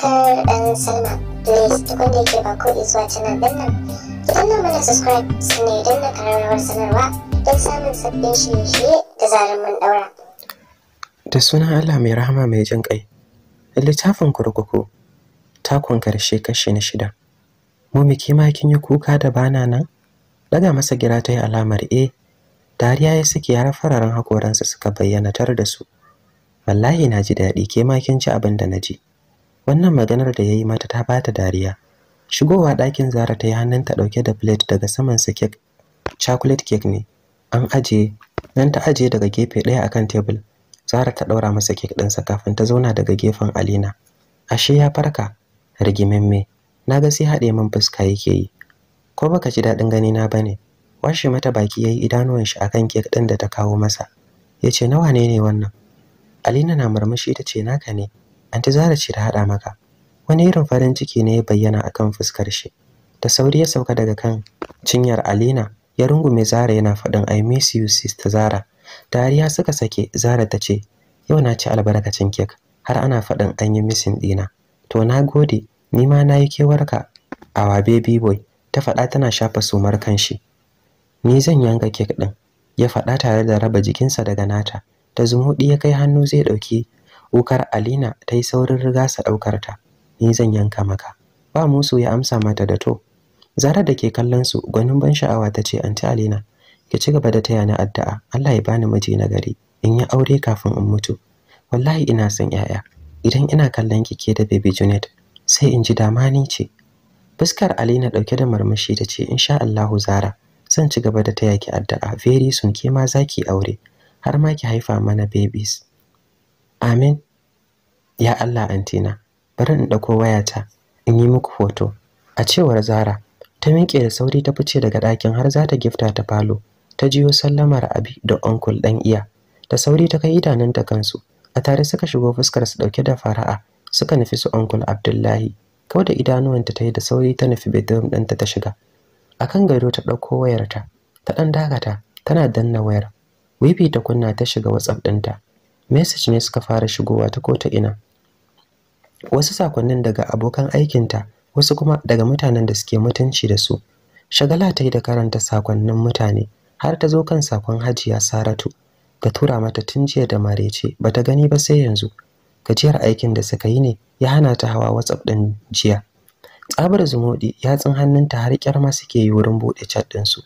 subscribe and sign up. Please tukun da yake ba ko zuwa canal din nan. Ki danna mana subscribe sannan ya danna kararrawar sanarwa don samun sabbin shirye-shirye da zarar mun daura. Da sunan Allah mai rahama mai jin ƙai, Littafin kurkuku takon ƙarshe, kashi na shida. Mu miki ma kin yi kuka da bana nan? Daga masa gira ta yi alamar E. Dariya ya saki yara fararen hakoransa suka bayyana tar da su. Wallahi na ji daɗi ke ma kin ci abin da na ji. wannan maganar da ya yi mata ta bata dariya shigowa ɗakin zara ta yi hannunta ɗauke da plate daga saman sa cake chocolate cake ne an aje nan ta aje daga gefe ɗaya akan tebul zara ta ɗaura masa cake ɗinsa kafin ta zauna daga gefen alina ashe ya farka rigimemme na ga sai haɗe min fuska yake yi ko baka ji daɗin gani na ne? washe mata baki ya yi idanuwan shi akan kek ɗin da ta kawo masa Ya ce nawa ne ne wannan Alina na murmushi ta ce naka ne anti Zara ce ta haɗa maka wani irin farin ciki ne ya bayyana akan fuskar shi da sauri ya sauka daga kan cinyar Alina ya rungume Zara yana faɗin I miss you sister Zara dariya suka sake Zara ta ce yau na ci albarkacin kek har ana faɗin an yi missing ɗina to na gode ni ma na yi kewarka awa baby boy ta faɗa tana shafa sumar kanshi ni zan yanka kek ɗin ya faɗa tare da raba jikinsa daga nata Ta zumuɗi ya kai hannu zai ɗauki Wukar Alina ta yi saurin riga sa ɗaukar ta. Ni zan yanka maka. Ba musu ya amsa mata da to. Zara da ke kallon su gwanin ban sha'awa ta ce anti Alina ki ci gaba da taya na addu'a Allah ya bani miji na gari in yi aure kafin in mutu. Wallahi ina son 'ya'ya. Idan ina kallon ki ke da baby Junet sai in ji dama ni ce. Fuskar Alina ɗauke da murmushi ta ce insha Allahu Zara zan ci gaba da taya ki addu'a very soon ke ma za ki aure har ma ki haifa mana babies. Amin. ya Allah antina bari in dauko wayata in yi muku hoto a cewar Zara ta miƙe da sauri ta fice daga ɗakin har za ta gifta ta falo ta jiyo sallamar abi da onkul ɗan iya ta sauri ta kai idanunta kansu a tare suka shigo fuskar su dauke da fara'a suka nufi su onkul abdullahi kawai da idanuwanta ta yi da sauri ta nufi bedroom ɗinta ta shiga akan gado ta ɗauko wayarta ta ɗan dakata tana danna wayar wifi ta kunna ta shiga whatsapp ɗinta message ne suka fara shigowa ta ko ta ina wasu sakonnin daga abokan aikinta wasu kuma daga mutanen da suke mutunci da su shagala ta yi da karanta sakonnin mutane har ta zo kan sakon hajiya saratu ta tura mata tun jiya da marece ta gani ba sai yanzu gajiyar aikin da suka yi ne ya hana ta hawa whatsapp ɗin jiya tsabar zumudi tsin hannunta har kyarma suke yi wurin buɗe chat ɗinsu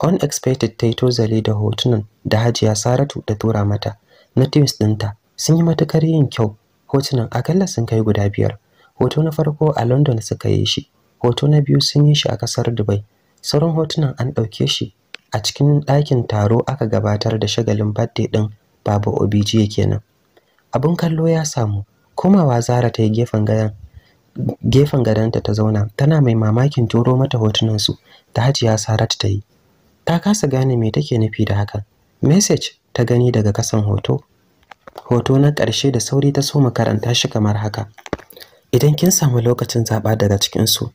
unexpected ta yi tozali da hotunan da hajiya saratu da tura mata na teams ɗinta sun yi matukar yin kyau hotunan akalla sun kai guda biyar hoto na farko a london suka yi shi hoto na biyu sun yi shi a kasar dubai sauran hotunan an ɗauke shi a cikin ɗakin taro aka gabatar da shagalin birthday ɗin baba jiya kenan abin kallo ya samu komawa zara ta yi gefen gayan gefen gadonta ta zauna tana mai mamakin turo mata hotunan su da hajiya sarat ta yi ta kasa gane me take nufi da hakan message ta gani daga kasan hoto hoto na ƙarshe da sauri ta so makaranta shi kamar haka idan kin samu lokacin zaɓa daga cikinsu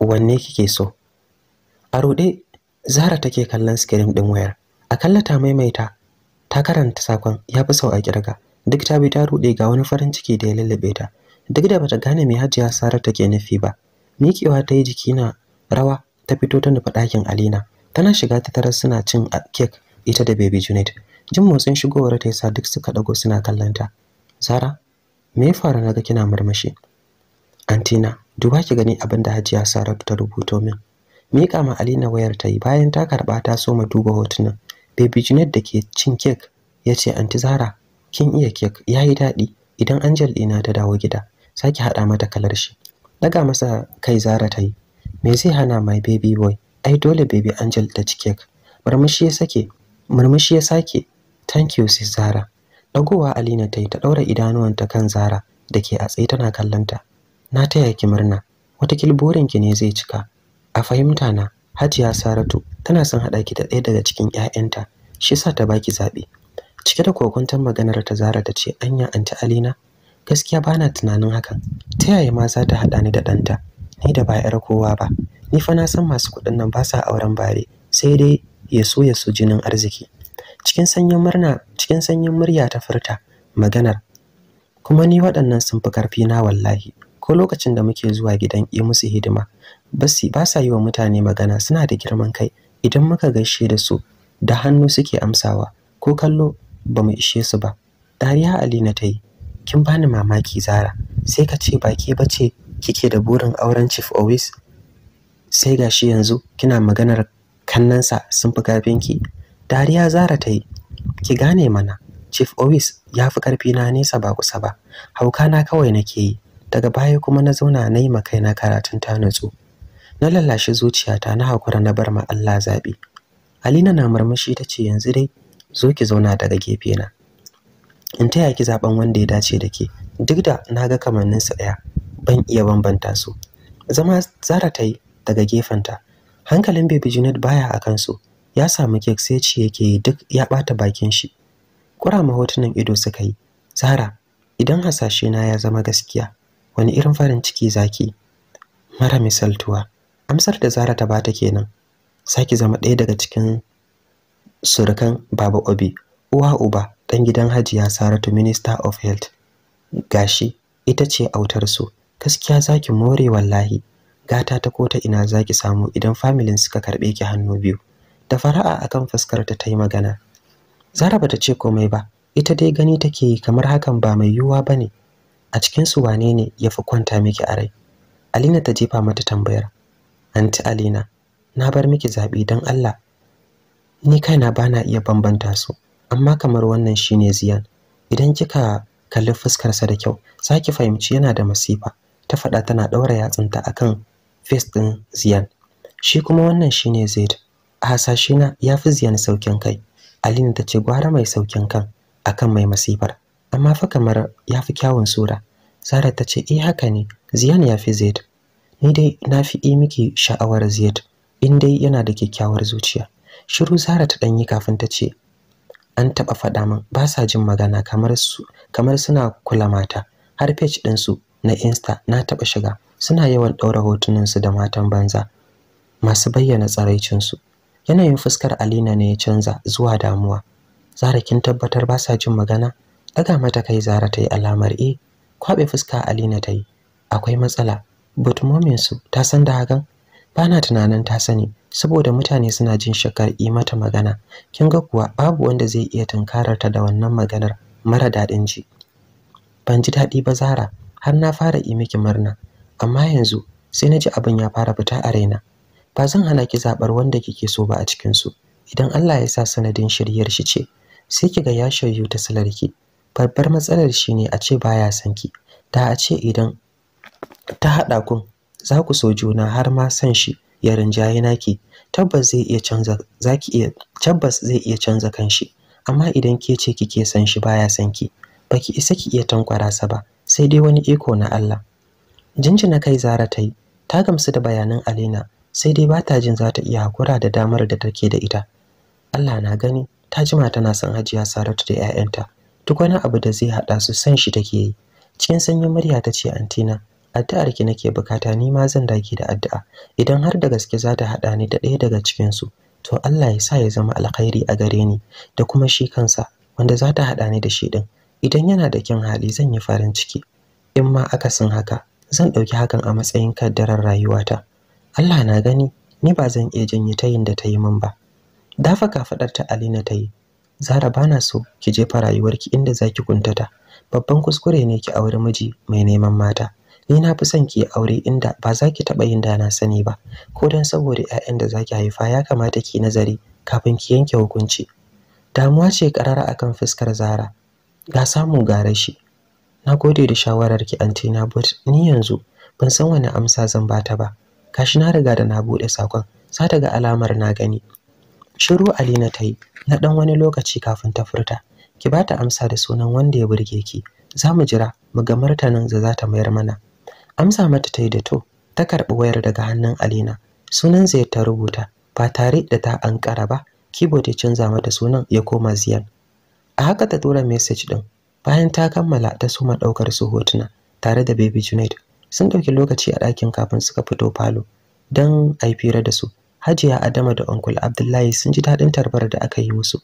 wanne kike so a ruɗe zara take kallon sikirim ɗin wayar A kalla ta maimaita ta karanta sakon ya fi sau a kirga duk ta bi ta ruɗe ga wani farin ciki da ya lullube ta duk da bata gane mai hajiya sara take nufi ba miƙewa ta yi jiki na rawa ta fito ta nufi ɗakin alina tana shiga ta tarar suna cin kek ita da baby junet jin motsin shigowar ta yasa duk suka dago suna kallanta zara me ya faru naga kina murmushi antina duba ki gani abin da hajiya saratu ta rubuto min miƙa ma alina wayar ta yi bayan ta karɓa ta so mu duba hotunan baby junet da ke cin kek ya ce anti zara kin iya kek ya yi daɗi idan angel ɗina ta dawo gida sake haɗa mata kalar shi daga masa kai zara ta yi me zai hana my baby boy ai dole baby angel ta ci kek murmushi ya sake murmushi ya sake thank you sis zara dagowa alina ta yi ta ɗaura idanuwanta kan zara da ke a tsaye tana kallonta na taya ki murna kilborin ki ne zai cika a fahimta na hajiya saratu tana son haɗa ki da ɗaya daga cikin 'ya'yanta shi sa ta baki zaɓe cike da kokuntan maganar ta zara ta ce anya anti alina gaskiya bana tunanin hakan ta yaya ma za ta haɗa ni da ɗanta ni da ba 'yar kowa ba ni fa na san masu kuɗin nan ba sa auren bare sai dai ya so ya so jinin arziki cikin sanyin murna cikin sanyin murya ta furta maganar kuma ni waɗannan sun fi ƙarfi na wallahi ko lokacin da muke zuwa gidan yi musu hidima basi ba sa yi wa mutane magana suna da girman kai idan muka gaishe da su da hannu suke amsawa ko kallo ba mu ishe su ba dariya na ta yi kin bani mamaki zara sai ka ce ba ce bace kike da burin auren chief always sai gashi yanzu kina maganar kannansa sun fi karfinki dariya zara ta yi ki gane mana chief owis ya fi karfi na nesa ba kusa ba hauka na kawai nake yi daga baya kuma na zauna na yi ma na karatun ta natsu na lallashi zuciyata na hakura na bar ma Allah zabi Alina na murmushi ta ce yanzu dai zo ki zauna daga gefe na in taya ki zaben wanda ya dace da ke duk da na ga kamannin sa daya ban iya bambanta su zama zara ta yi daga gefenta hankalin baby Junet baya a kansu ya samu kek sai ci yake yi duk ya ɓata bakin shi ma hotunan ido suka yi zara idan hasashe na ya zama gaskiya wani irin farin ciki zaki mara misaltuwa amsar da zara ta bata kenan saki zama ɗaya daga cikin surukan baba obi uwa uba ɗan gidan hajiya saratu minister of health gashi ita ce autar su gaskiya zaki more wallahi gata ta kota ina zaki samu idan familin suka karɓe ki hannu biyu da fara'a akan fuskar ta yi magana Zara ta ce komai ba ita dai gani take yi kamar hakan ba mai yiwuwa ba ne. a cikin su wane ne fi kwanta miki a rai Alina ta jefa mata tambayar Anti Alina na bar miki zaɓi, don Allah ni kaina bana iya bambanta su amma kamar wannan shine ziyan idan kika kalli fuskarsa da kyau saki fahimci yana da masifa ta faɗa tana ɗaura yatsunta akan fes ɗin ziyan shi kuma wannan shine zaid hasashe na ya fi ziyan saukin kai alina ta ce gwara mai saukin kan akan mai masifar amma fa kamar ya fi kyawun sura Zara ta ce, "Eh haka ne, Ziyan ya fi Zaid. Ni dai na fi yi miki sha'awar Zaid, in dai yana da kyakkyawar zuciya." Shiru Zara ta ɗanyi kafin ta ce, "An taɓa faɗa min ba sa jin magana kamar su kamar suna kula mata. Har page ɗinsu na Insta na taɓa shiga, suna yawan ɗaura hotunansu da matan banza masu bayyana tsaraicinsu. yanayin fuskar alina ne ya canza zuwa damuwa zara kin tabbatar ba sa jin magana daga mata kai zara ta yi alamar e Kwaɓe fuska alina ta yi akwai matsala but su ta san da hakan Ba na tunanin ta sani saboda mutane suna jin shakkar yi mata magana kin ga kuwa babu wanda zai iya tunkarar ta da wannan maganar mara daɗin ji ban ji daɗi ba zara har na fara yi miki murna amma yanzu sai na ji abin ya fara fita a raina ba zan hana ki zaɓar wanda kike so ba a cikin su idan Allah ya sa sanadin shiryar shi ce sai ki ga ya shiryu ta salarki babbar matsalar shi ne a ce baya san ki ta a ce idan ta haɗa kun za ku so juna har ma san shi ya rinjaye naki tabbas zai iya canza zaki iya tabbas zai iya canza kanshi amma idan ke ce kike san shi baya san ki baki isa ki iya tankwara sa ba sai dai wani iko na Allah jinjina kai Zara ta yi ta gamsu da bayanan Alina sai dai ba ta jin za ta iya hakura da damar da take da ita Allah na gani ta jima tana son Hajiya Saratu da 'ya'yanta duk wani abu da zai haɗa su san shi take yi cikin sanyin murya ta ce antina addu'ar ki nake bukata ni ma zan dage da addu'a idan har da gaske za ta haɗa ni da ɗaya daga cikin su to Allah ya sa ya zama alkhairi a gare ni da kuma shi kansa wanda za ta haɗa ni da shi ɗin idan yana da kyan hali zan yi farin ciki in ma akasin haka zan ɗauki hakan a matsayin kaddarar rayuwata Allah na gani ni ba zan iya janye tayin da ta yi min ba dafa kafadar ta Alina ta yi Zara bana so ki jefa rayuwarki inda zaki kuntata babban kuskure ne ki aure miji mai neman mata ni na fi son ki aure inda ba za ki taɓa yin da na sani ba ko dan saboda 'ya'yan da za ki haifa ya kamata ki nazari kafin ki yanke hukunci damuwa ce karara akan fuskar Zara ga samu ga rashi na gode da shawararki anti na but ni yanzu ban san wani amsa zan bata ba kashi na riga da na buɗe sakon za ta ga alamar na gani shiru alina ta yi na ɗan wani lokaci kafin ta furta ki ba ta amsa da sunan wanda ya burge ki za mu jira mu ga martanin da za ta mayar mana amsa mata ta yi da to ta karɓi wayar daga hannun alina sunan zai ta rubuta ba tare da ta ankara ba keyboard ya canza mata sunan ya koma ziyan a haka ta tura message din bayan ta kammala ta soma ɗaukar su hotuna tare da baby junaid sun ɗauki lokaci a ɗakin kafin suka fito falo don a yi fira da su hajiya adama da onkul abdullahi sun ji daɗin tarbar da aka yi musu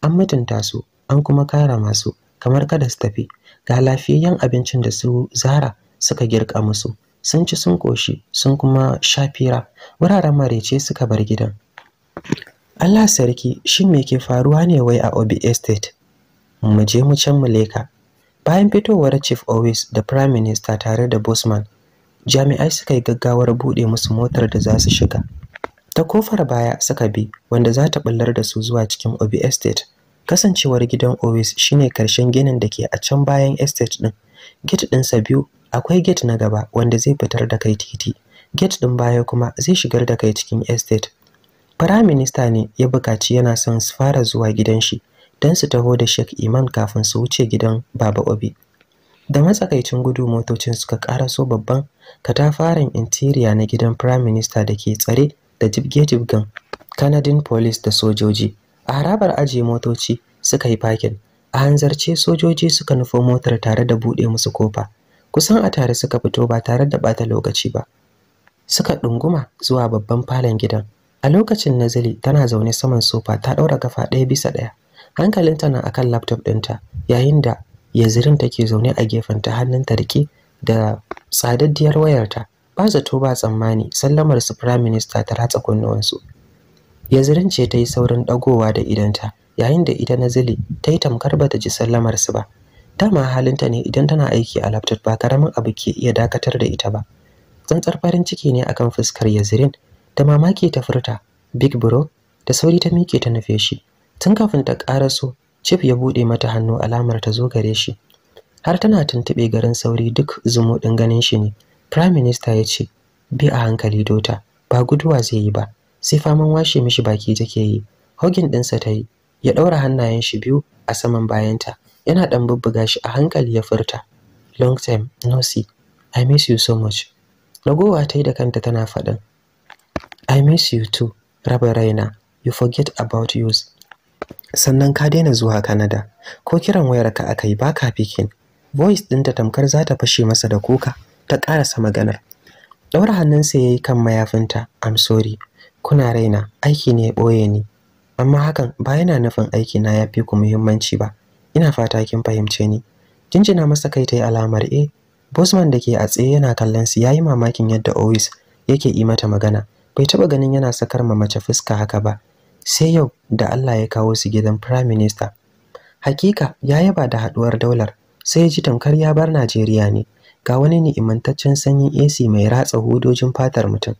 an mutunta su an kuma kara masu kamar kada su tafi ga lafiyayyen abincin da su zara suka girka musu sun ci sun koshi sun kuma sha fira wuraren marece suka bar gidan Allah sarki shin me ke faruwa ne wai a Obi Estate mu je mu can mu leka Bayan fitowar Chief Owis da Prime Minister tare da Bosman, jami'ai suka yi gaggawar buɗe musu motar da za su shiga. Ta kofar baya suka bi wanda za ta ɓullar da su zuwa cikin Obi Estate. Kasancewar gidan Owis shine karshen ginin da ke a can bayan estate ɗin. Gate sa biyu akwai gate na gaba wanda zai fitar da kai titi. Gate ɗin baya kuma zai shigar da kai cikin estate. Firaminista ne ya bukaci yana son su fara zuwa gidan shi don su taho da Sheikh Iman kafin su wuce gidan Baba Obi. Da matsakaicin gudu motocin suka karaso babban katafaren interiya na gidan Prime Minister da ke tsare da jibge-jibgen Canadian Police da sojoji. A harabar ajiye motoci suka yi fakin. A hanzarce sojoji suka nufo motar tare da buɗe musu kofa. Kusan a tare suka fito ba tare da ɓata lokaci ba. Suka ɗunguma zuwa babban falon gidan. A lokacin nazili tana zaune saman sofa ta ɗaura kafa ɗaya bisa ɗaya. hankalinta na akan laptop ɗinta yayin da yazirin take zaune a gefen ta hannun ta rike da tsadaddiyar wayarta ba zato ba tsammani sallamar su prime minister ta ratsa kunnuwansu yazirin ce ta yi saurin ɗagowa da idanta yayin da ita nazili ta yi tamkar ba ta ji sallamar su ba dama halinta ne idan tana aiki a laptop ba karamin abu ke iya dakatar da ita ba tsantsar farin ciki ne akan fuskar yazirin da mamaki ta furta big bro da sauri ta miƙe ta nufe shi tun kafin ta ƙaraso Chief ya buɗe mata hannu alamar ta zo gare shi har tana tuntuɓe garin sauri duk zumuɗin ganin shi ne prime minister ya ce bi a hankali dota ba guduwa zai yi ba sai faman washe mishi baki take yi hogin ɗinsa ta yi ya ɗaura hannayen shi biyu a saman bayanta yana ɗan bubbuga shi a hankali ya furta long time no see i miss you so much ragowa ta yi da kanta tana faɗin i miss you too raba raina you forget about yours sannan ka daina zuwa Kanada, ko kiran wayarka aka yi baka fikin voice ɗinta tamkar za ta fashe masa da kuka ta ƙarasa maganar ɗaura hannunsa ya yi kan mayafinta I'm sorry kuna raina aiki ne ya ɓoye ni amma hakan ba yana nufin aiki na ya fi ku muhimmanci ba ina fata kin fahimce ni jinjina masa kai ta yi alamar e bosman da ke a tsaye yana kallon su ya yi mamakin yadda ois yake yi mata magana bai taɓa ganin yana sakar ma mace fuska haka ba sai yau da Allah ya kawo su gidan Prime Minister. Hakika ya yaba da haduwar daular, sai ji tamkar ya bar Najeriya ne. Ga wani ni'imantaccen sanyin AC mai ratsa hudojin fatar mutum.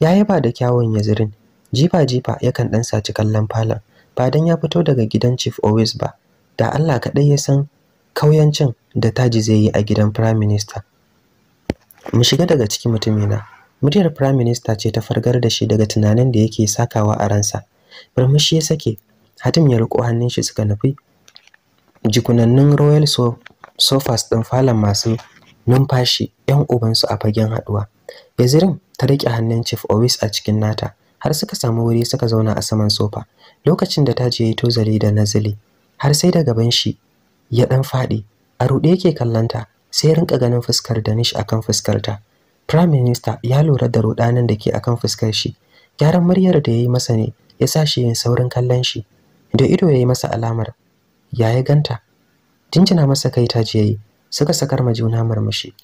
Ya yaba da kyawun yazirin, jifa-jifa yakan dan saci kallon falon, ba dan ya fito daga gidan Chief Always ba. Da Allah kaɗai ya san kauyancin da taji zai yi a gidan Prime Minister. Mu shiga daga ciki mutumina. Muryar Prime Minister ce ta fargar da shi daga tunanin da yake sakawa a ransa. Murmushi ya sake. Hatim ya riko hannun shi suka nufi jikunannin Royal Sofas ɗin falon masu numfashi ‘yan ubansu a fagen haɗuwa. Yazirin ta rike hannun Chief Owis a cikin nata har suka samu wuri suka zauna a saman sofa. Lokacin da ta je ya tozali da nazili har sai da ban shi ya ɗan faɗi. A ruɗe yake kallonta sai rinka ganin fuskar Danish akan fuskarta. Prime Minister ya lura da rudanin da ke akan fuskar shi. Gyaran muryar da yayi masa ne ya sa shi yin saurin kallon shi da ido ya yi masa alamar ya yi ganta jinjina masa kai ta jiyayi suka sakar ma juna murmushi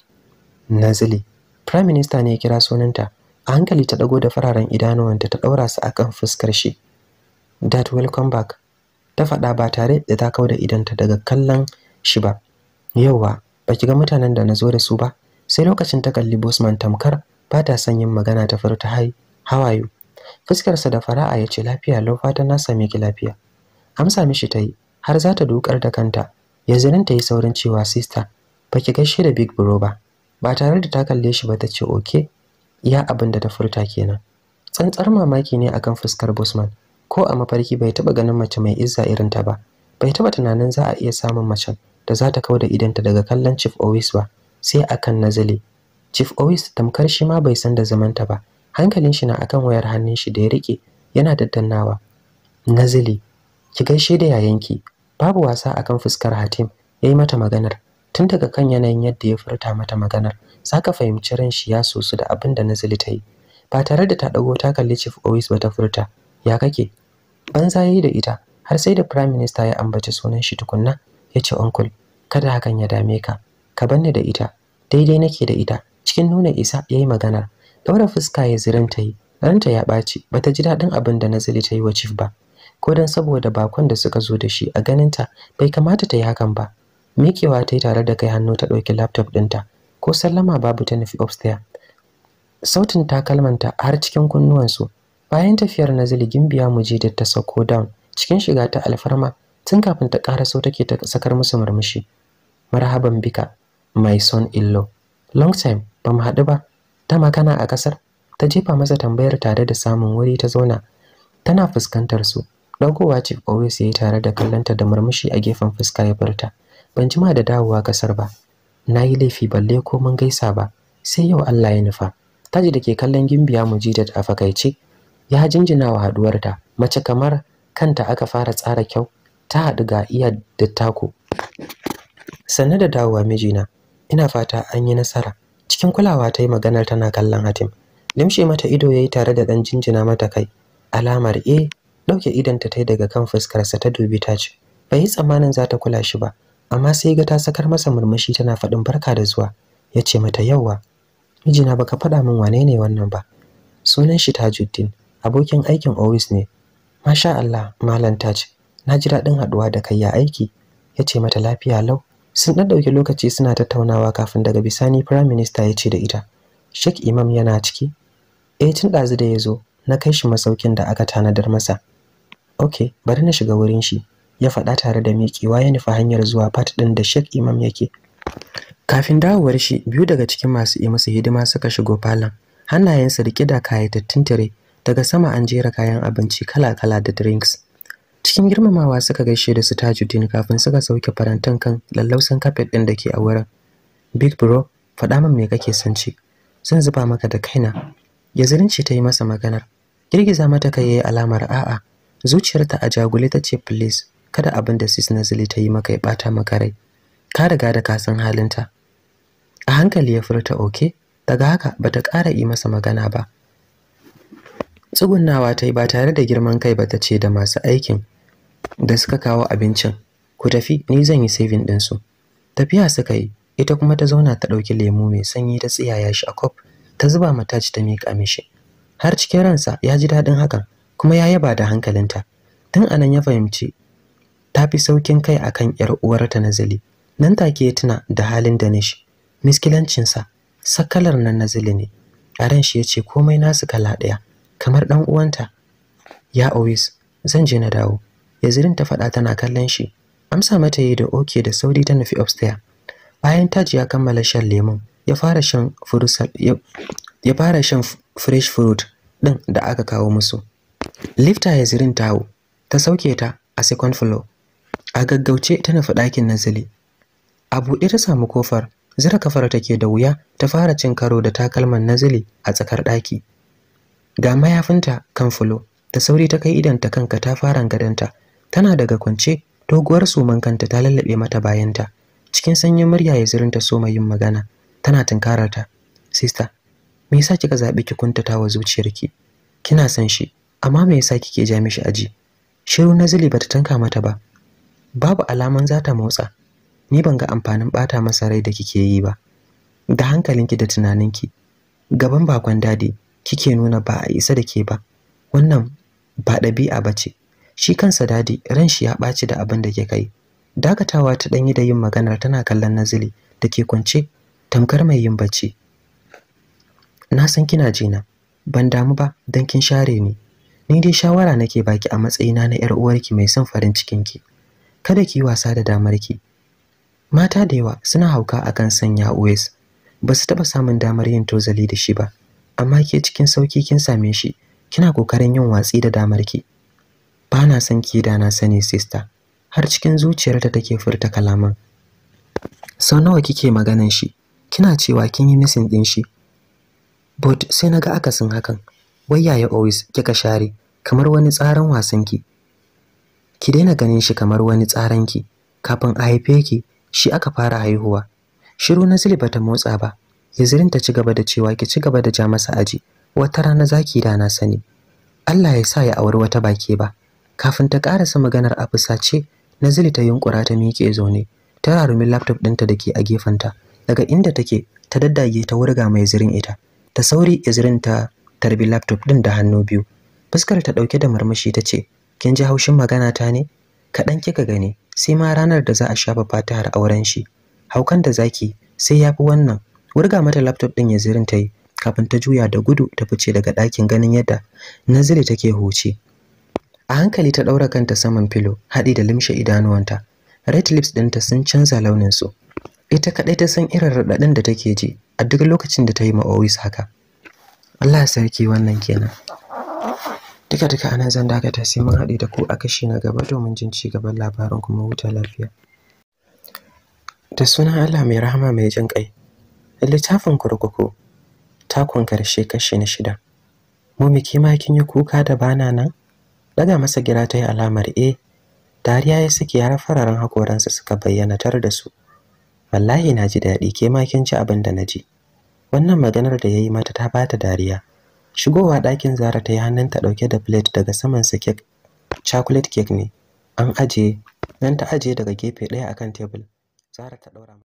nazili prime minister ne ya kira sunanta a hankali ta dago da fararen idanuwanta ta daura su akan fuskar shi that welcome back ta faɗa ba tare da ta kauda idanta daga kallon shi ba yauwa ki ga mutanen da na zo da su ba sai lokacin ta kalli bosman tamkar ba ta son yin magana ta furta hai hawayo fuskarsa da fara'a ya ce lafiya lau fatan na same ki lafiya amsa mishi ta yi har za ta dukar da kanta Ya zinin ta yi saurin cewa sista ba ki gaishe da big bro ba ba tare da ta kalle shi ba ta ce oke ya abin da ta furta kenan tsantsar mamaki ne akan fuskar busman, ko a mafarki bai taba ganin mace mai izza irin ta ba bai taba tunanin za a iya samun macen da za ta kauda idanta daga kallon chief owis ba sai akan nazali chief owis tamkar shi ma bai san da zamanta ba hankalin shi na akan wayar hannun shi da ya rike yana daddannawa nazili ki gaishe da yayanki babu wasa akan fuskar Hatim yi mata maganar tun daga kan yanayin yadda ya furta mata maganar saka fahimci ran shi ya sosu da abin da nazili ta yi ba tare da ta dago ta kalli Chief Owis ba ta furta ya kake banza yayi da ita har sai da Prime Minister ya ambaci sunan shi tukunna ya ce uncle kada hakan ya dame ka ka banni da ita daidai nake da ita cikin nuna isa yayi maganar Ɗaura fuska ya zirin ta yi ranta ya ɓaci ba ta ji daɗin abin da nazili ta yi wa chief ba ko don saboda bakon da suka zo da shi a ganinta bai kamata ta yi hakan ba mikewa ta yi tare da kai hannu ta ɗauki laptop ɗinta ko sallama babu ta nufi upstairs sautin takalmanta har cikin kunnuwansu bayan tafiyar nazili gimbiya da ta sauko down cikin shiga ta alfarma tun kafin ta ƙara sau take ta sakar musu murmushi marhaban bika my son illo long time ba mu haɗu ba ta makana a ƙasar ta jefa masa tambayar tare da samun wuri ta zauna tana fuskantar su ɗaukowa ce always yayi yi tare da kallonta da murmushi a gefen fuska ya furta ban jima da dawowa kasar ba na yi laifi balle ko mun gaisa ba sai yau Allah ya nufa taji da ke kallon gimbiya mujidat a fakaice ya jinjina wa ta mace kamar kanta aka fara tsara kyau ta haɗu ga iya da tako da dawowa mijina ina fata an yi nasara cikin kulawa ta yi maganar tana kallon hatim limshe mata ido ya yi tare da ɗan jinjina mata kai alamar e ɗauke idanta ta daga kan fuskarsa ta dubi ta ce bai yi tsammanin za ta kula shi ba amma sai ga ta sakar masa murmushi tana faɗin barka da zuwa ya ce mata wa. mijina baka faɗa min wane ne wannan ba sunan shi tajuddin abokin aikin ofis ne masha Allah malam ta ce. na ji daɗin haɗuwa da kai ya aiki ya ce mata lafiya lau sun ɗan ɗauki lokaci suna tattaunawa kafin daga bisani prime minister ya ce da ita sheikh imam yana ciki eh tun ɗazu da ya zo na kai shi masaukin da aka tanadar masa ok bari na shiga wurin shi ya faɗa tare da miƙewa ya nufi hanyar zuwa fat ɗin da sheikh imam yake kafin dawowar shi biyu daga cikin masu yi masa hidima suka shigo falon hannayensa riƙe da kayatattun tire daga sama an jera kayan abinci kala-kala da drinks cikin girmamawa suka gaishe da su tajuddin kafin suka sauke farantan kan lallausan kafet ɗin da ke a wurin big bro faɗa min me kake son ci zan zuba maka da kaina yazirinci ta yi masa maganar girgiza mata kai yayi alamar a'a zuciyarta a jagule ta ce please kada abin da sis nazili ta yi maka ya bata maka rai ka riga da kasan san halinta a hankali ya furta oke daga haka bata ƙara yi masa magana ba tsugunnawa ta yi ba tare da girman kai ba ta ce da masu aikin da suka kawo abincin ku tafi ni zan yi saving din su tafiya suka yi ita kuma ta zauna ta ɗauki lemu mai sanyi ta tsiyaya shi a kwaf ta zuba mata ta miƙa mishi har cikin ransa ya ji daɗin hakan kuma ya yaba da hankalinta tun anan ya fahimci ta fi saukin kai akan yar uwarta na zali, nan take ya tuna da halin da nishi miskilancinsa sakalar nan nazili ne a ran shi ya ce komai nasu kala ɗaya kamar ɗan uwanta ya always zan je na dawo Yazirin ta faɗa tana kallon shi. Amsa mata yi da oke da sauri ta nufi upstairs. Bayan taji ya kammala shan lemon, ya fara shan ya fara shan fresh fruit din da aka kawo musu. Lifta Yazirin ta hau, ta sauke ta a second floor. A gaggauce ta nufi ɗakin nazali. A buɗe ta samu kofar, zira kafar take da wuya ta fara cin karo da takalman nazali a tsakar ɗaki. Ga mayafinta kan fulo, da sauri ta kai idanta kan katafaren gadonta tana daga kwance doguwar suman kanta ta lallabe mata bayanta cikin sanyin murya ya zirinta soma yin magana tana tunkarar ta sister me yasa kika zabi ki kuntata wa zuciyarki kina san shi amma me yasa kike ja mishi aji shiru na zili bata tanka mata ba babu alaman zata motsa ni ban ga amfanin bata masa rai da kike yi ba ga hankalinki da tunaninki gaban bakon dadi kike nuna ba a isa da ke ba wannan ba ɗabi'a ba ce shi kansa dadi ran shi ya ɓaci da abin da ke kai dakatawa ta danyi da yin maganar tana kallon nazili da ke kwance tamkar mai yin bacci na san kina jina ban damu ba don kin share ni ni dai shawara nake baki a matsayina na yar uwarki mai son farin cikinki kada ki yi wasa da damarki mata da yawa suna hauka akan sanya OS ba su taɓa samun damar yin tozali da shi ba amma ke cikin sauki kin same shi kina kokarin yin watsi da damar ki. bana na son ki da na sani sister har cikin zuciyarta take furta kalaman sau nawa kike maganan shi kina cewa kin yi missing din shi but sai naga akasin hakan wai yaya always kika share kamar wani tsaran wasan ki ki daina ganin shi kamar wani tsaran ki kafin a haife ki shi aka fara haihuwa shiru na zili bata motsa ba yazirin ta ci gaba da cewa ki ci gaba da ja masa aji wata rana zaki da na sani Allah ya sa ya auri wata baki ba kafin ta karasa maganar a fusace nazili ta yunkura ta miƙe zaune ta rarumi laptop ɗinta da ke a gefenta daga inda take ta daddage ta wurga mai zirin ita ta sauri izirin ta tarbi laptop ɗin da hannu biyu fuskar ta ɗauke da murmushi ta ce kin ji haushin magana ta ne kaɗan kika gani sai ma ranar da za a shafa fatahar auren shi haukan da zaki sai ya fi wannan wurga mata laptop ɗin ya zirin ta yi kafin ta juya da gudu ta fice daga ɗakin ganin yadda nazili take huce a hankali ta ɗaura kanta saman filo haɗi da limshe idanuwanta red lips ɗinta sun canza launinsu ita kaɗai ta san irin raɗaɗin da take ji a duk lokacin da ta yi ma'awis haka Allah sarki wannan kenan duka duka ana zan dakata sai mun haɗe da ku a kashi na gaba domin jin ci gaban labarin kuma huta lafiya da sunan Allah mai rahama mai jin kai littafin kurkuku takon karshe kashi na shida mu miki ma kin yi kuka da bana nan daga masa gira ta yi alamar e dariya ya suke har fararen hakoransa suka bayyana tar da su wallahi na ji daɗi ke ma kin ci abin da na ji wannan maganar da ya yi mata ta bata dariya shigowa ɗakin zara ta yi hannunta ɗauke da plate daga saman sa cake chocolate cake ne an aje nan ta ajiye daga gefe ɗaya akan tebul zara ta ɗaura